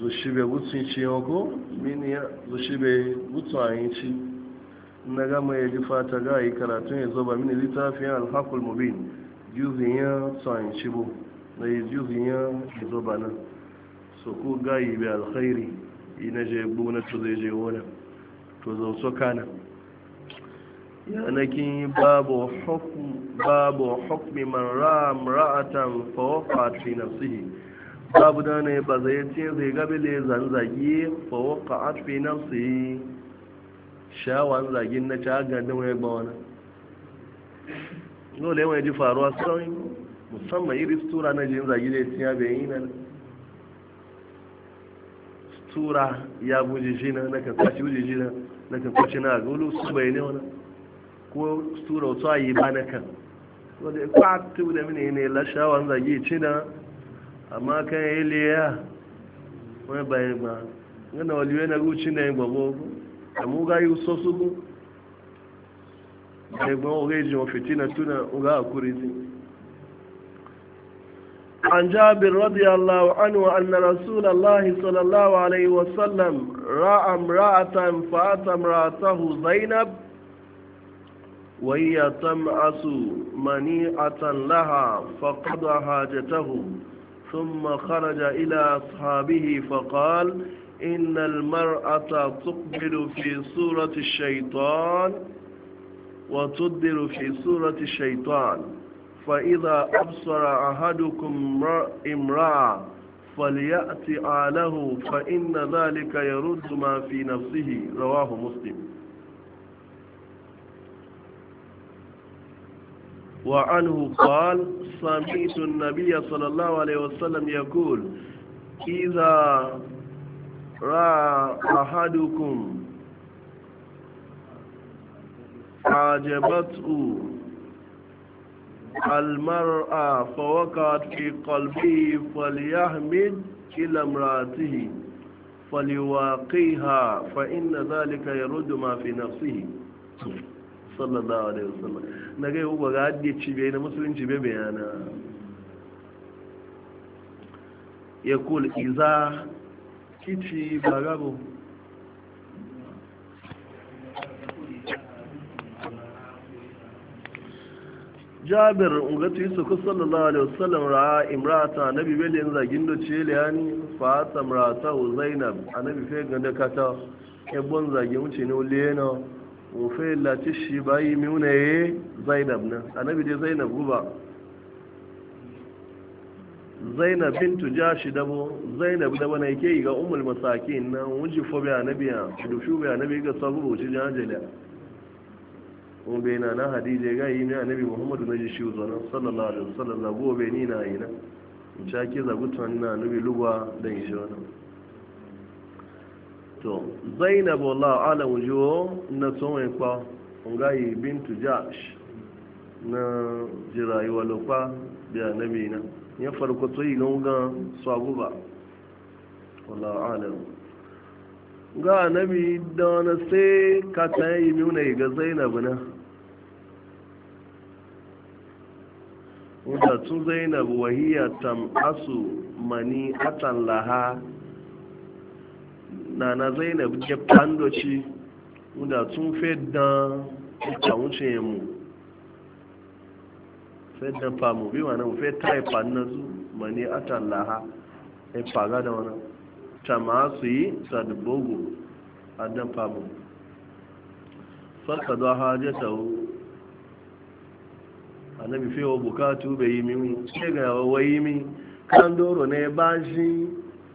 zushibe gutsun ci yago mini ya zushibe gutsun ayinci na gama ya ji fata ga yi karatun ya zoba mini littafin alhakul mubin juzin ya tsayin bu na yi juzin ya zoba nan so ku ga yi bi alkhairi ina je bu na to zai je wani to zan so kana yanakin babu hukmi man ra'am ra'atan fa waqa'at babu da ne ba zai ce zai gabe le zanzagi fa waka atfi nafsi shawan zagin na ta ga da wani ba wani dole wani ji faruwa sauyi musamman iri stura na jin zagi da tiya bai yi na stura ya buji shi na na kan buji shi na na kan na gulu su bai ne wani ko stura wasu ayi ba na kan wadda ya kwa atibu da mini ne lashawan zagi ci na amma kan yi liya wani bayan ba yana waliwe na ruci na yin gbogbo da mu ga yi so su gu da igbon orejin fiti na tuna uga a kuriti عن جابر رضي الله عنه wa رسول الله صلى الله عليه وسلم رأى امرأة فأتى امرأته وهي تمأس منيعة لها فقضى tahu. ثم خرج إلى أصحابه فقال إن المرأة تقبل في صورة الشيطان وتدر في صورة الشيطان فإذا أبصر أحدكم امرأة فليأتي آله فإن ذلك يرد ما في نفسه رواه مسلم وعنه قال سمعت النبي صلى الله عليه وسلم يقول إذا رأى أحدكم عجبته المرأة فوقعت في قلبه فليحمد إلى امرأته فليواقيها فإن ذلك يرد ما في نفسه sallallahu alaihi wasallam na ga yau ba ga hadde cibe na musulunci bai bayana ya kul iza kici ba bagabo jabir ungatu yusuf sallallahu alaihi wasallam ra'a imrata nabi bele yanzu zagin da ce liyani fa samrata zainab annabi fe ganda kata ebon zagin wuce ne lena wofe lati shi bayi miuna ya zainab nan annabi dai zainab guba zainab bintu jashi dabo zainab dabo na ke yi ga umul masakin na wuji fobe annabi ya dushu be annabi ga sabu jan jajala Kuma be na na hadije ga yi ne annabi muhammadu na ji shi zonan sallallahu alaihi wasallam gobe ni na yi na in shaki zagutan na annabi lugwa dan shi wannan to zainabu wallah alamu jiwo na tsohon kwa ngayi bintu jash na jirayi walokwa da nabi na ya farko tsoyi na wuga swagu ba wala alamu ga nabi da wani sai ka ta yi nuna ga zainabu na wadda tun zainab wahiya tam asu mani atan laha nana zainab jẹ pandoci wuce tún fẹ́ dán ìtàwọn ṣe mu mú ta dán e pa mú bí wọn náà fẹ́ tá ìpà náà zú mà ní àtàláha ìpà gádà wọn náà tàmásì sàdùgbògò àdán pa mú ta wu a na annabi fi wa bukatu bai yi mimi ce ga wa yi mi kan doro ne ba shi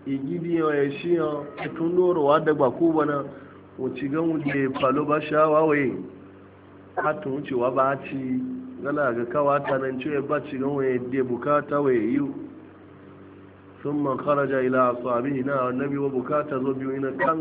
igidiyo ya shi yau a tun dorowa da baku bana wuce gan wuce falo ba shawa waye hatu wucewa ba ci gala ga kawa ta nan ce ba ci gan waye da bukata waye yi sun man kharaja ila asabihi na nabi wa bukata zo biyu ina kan